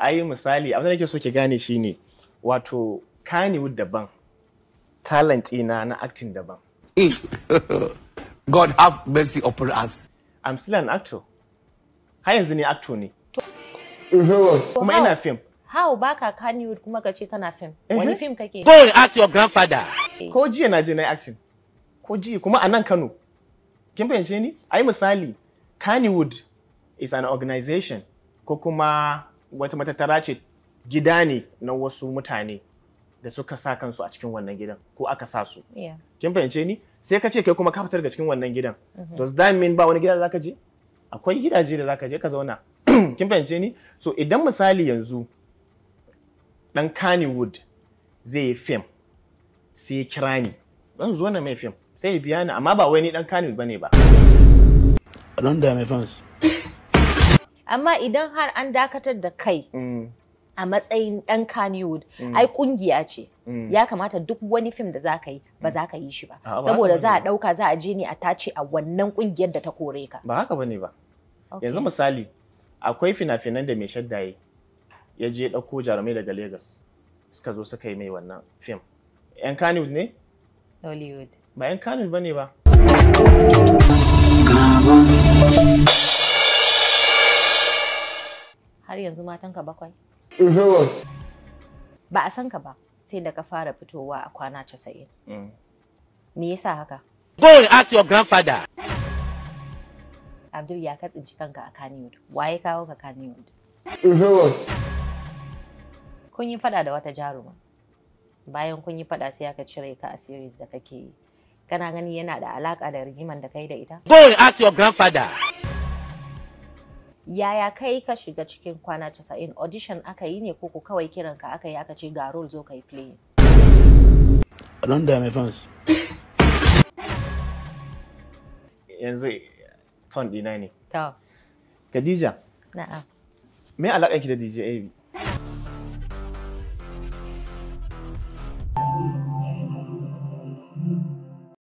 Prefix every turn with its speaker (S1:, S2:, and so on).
S1: ai misali abin da nake so ki gane shine wato Kannywood daban talent ina na acting daban mm. God have mercy upon us I'm still an actor har yanzu ne actor ne kuma ina film
S2: How baka Kannywood kuma ka ce kana film eh. wani film kake Go and
S1: ask your grandfather eh. ko jiya na je na acting ko jiya kuma a nan Kano kin fahimce ni ai misali Kannywood is an organization ko kuma wata matattara ce gida ne na wasu mutane da suka sa kansu a cikin wannan gidan ko aka sa su. Kin fahimce ni? Sai ka ce kai kuma ka fitar da cikin wannan gidan. Mm-hmm. Does that mean ba wani gida da zaka je? Akwai gidaje da zaka je ka zauna. Kin fahimce ni? So idan misali yanzu dan Kannywood zai yi fim sai ya kira ni. Dan zo na mai fim sai ya biya ni amma ba wai ni dan Kannywood bane ba. I don't dare fans.
S2: amma idan har an dakatar da kai mm. a matsayin dan Kannywood mm. ai kungiya ce mm. ya kamata duk wani fim da za ka yi ba za ka yi shi ba saboda za a dauka za a je ne a tace a wannan kungiyar da ta kore ka
S1: ba haka bane ba yanzu misali akwai fina-finan da mai shaddaye ya je dauko jarumai daga Lagos suka zo suka yi mai wannan fim yan Kannywood ne 'Hollywood' ba yan Kannywood bane ba
S2: har yanzu matanka bakwai? Ba a san ka ba sai da ka fara fitowa a kwana casa'in. Mm. Me yasa haka? Go and ask your grandfather. Abdul ya katsinci kanka a Kannywood. Waye kawo ka Kannywood? Kun yi fada da wata jaruma. Bayan kun yi fada sai aka cire ka a series da kake yi. Kana gani yana da alaka da rigiman da kai da ita? Go
S1: and ask your grandfather.
S2: yaya kai ka shiga cikin kwana 90 audition aka yi ne koko kawai kiran ka aka yi aka ce ga role zo ka yi playing
S1: don don't fans yanzu ton dina ne ta Khadija na'am me alaƙar ki da DJ Abi